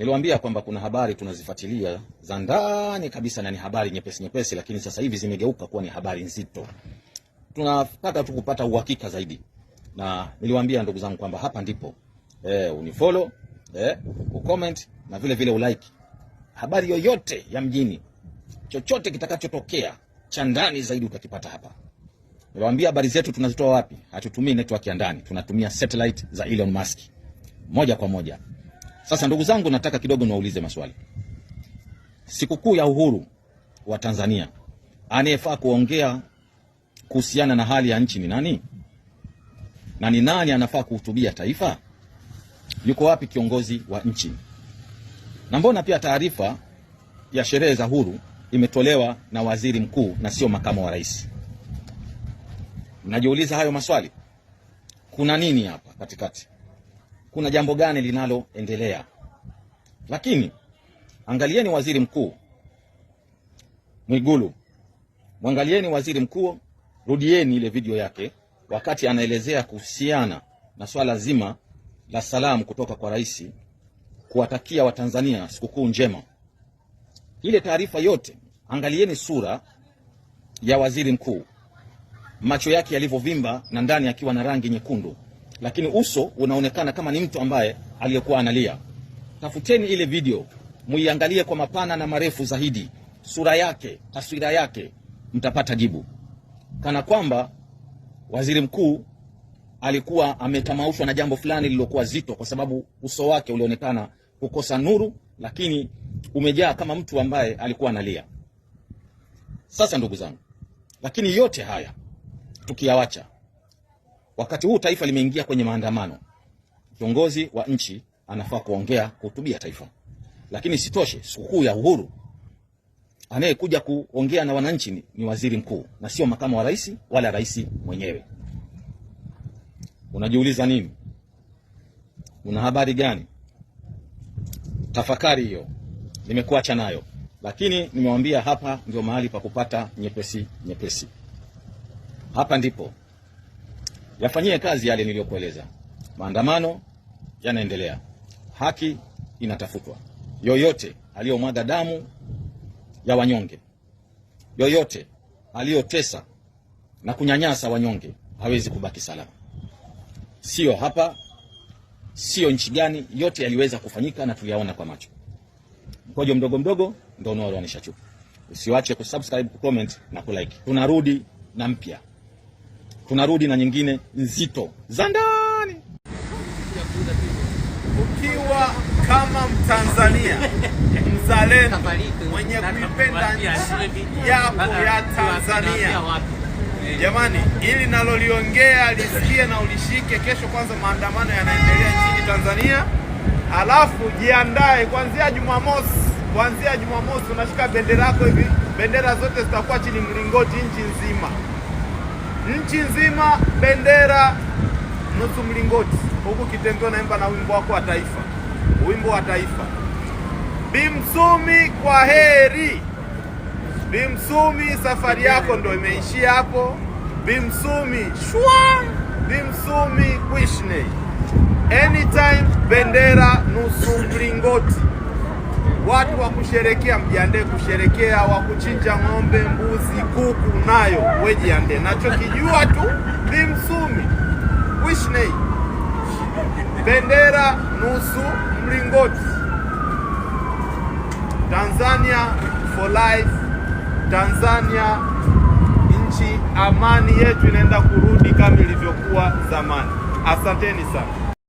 Niliwaambia kwamba kuna habari tunazifuatilia za ndani kabisa na ni habari nyepesi nyepesi, lakini sasa hivi zimegeuka kuwa ni habari nzito. Tunataka tu kupata uhakika zaidi, na niliwaambia ndugu zangu kwamba hapa ndipo eh, unifollow eh, ucomment na vile vile ulike habari yoyote ya mjini, chochote kitakachotokea cha ndani zaidi utakipata hapa. Niliwaambia habari zetu tunazitoa wapi? Hatutumii network ya ndani, tunatumia satellite za Elon Musk moja kwa moja. Sasa ndugu zangu, nataka kidogo niwaulize maswali. Sikukuu ya uhuru wa Tanzania, anayefaa kuongea kuhusiana na hali ya nchi ni nani? Na ni nani anafaa kuhutubia taifa? Yuko wapi kiongozi wa nchi? Na mbona pia taarifa ya sherehe za uhuru imetolewa na waziri mkuu na sio makamu wa rais? najiuliza hayo maswali? Kuna nini hapa katikati? kuna jambo gani linaloendelea. Lakini angalieni waziri mkuu Mwigulu, mwangalieni waziri mkuu, rudieni ile video yake wakati anaelezea kuhusiana na swala zima la salamu kutoka kwa rais kuwatakia Watanzania sikukuu njema. Ile taarifa yote, angalieni sura ya waziri mkuu, macho yake yalivyovimba na ndani akiwa na rangi nyekundu lakini uso unaonekana kama ni mtu ambaye aliyekuwa analia. Tafuteni ile video muiangalie kwa mapana na marefu zaidi, sura yake, taswira yake, mtapata jibu, kana kwamba waziri mkuu alikuwa ametamaushwa na jambo fulani lililokuwa zito, kwa sababu uso wake ulionekana kukosa nuru, lakini umejaa kama mtu ambaye alikuwa analia. Sasa ndugu zangu, lakini yote haya tukiyawacha Wakati huu taifa limeingia kwenye maandamano, kiongozi wa nchi anafaa kuongea, kuhutubia taifa. Lakini sitoshe, sikukuu ya uhuru, anayekuja kuongea na wananchi ni, ni waziri mkuu na sio makamu wa rais wala rais mwenyewe. Unajiuliza nini? Una habari gani? Tafakari hiyo, nimekuacha nayo, lakini nimewambia hapa ndio mahali pa kupata nyepesi nyepesi. Hapa ndipo yafanyie kazi yale niliyokueleza. Maandamano yanaendelea, haki inatafutwa. Yoyote aliyomwaga damu ya wanyonge, yoyote aliyotesa na kunyanyasa wanyonge hawezi kubaki salama. Sio hapa, sio nchi gani, yote yaliweza kufanyika na tuliyaona kwa macho. Mkojo mdogo mdogo ndo unaoanisha chupa. Usiwache kusubscribe, kucomment na kulike. Tunarudi na mpya tunarudi na nyingine nzito za ndani. Ukiwa kama Mtanzania mzalendo mwenye kuipenda nchi yako ya Tanzania, jamani, ili naloliongea lisikie na ulishike. Kesho kwanza maandamano yanaendelea nchini Tanzania, alafu jiandae kuanzia Jumamosi kuanzia Jumamosi unashika bendera yako hivi, bendera zote zitakuwa chini mlingoti nchi nzima nchi nzima, bendera nusu mlingoti, huku Kitengo unaimba na wimbo wako wa taifa, wimbo wa taifa. Bimsumi, kwa heri Bimsumi, safari yako ndo imeishia hapo. Bimsumi shwa, Bimsumi kwishne, anytime, bendera nusu mlingoti. Watu wa kusherekea, mjiandae kusherekea. Wa kuchinja ng'ombe, mbuzi, kuku, nayo wejiande Nachokijua tu ni msumi wishnei, bendera nusu mlingoti, Tanzania for life, Tanzania nchi, amani yetu inaenda kurudi kama ilivyokuwa zamani. Asanteni sana.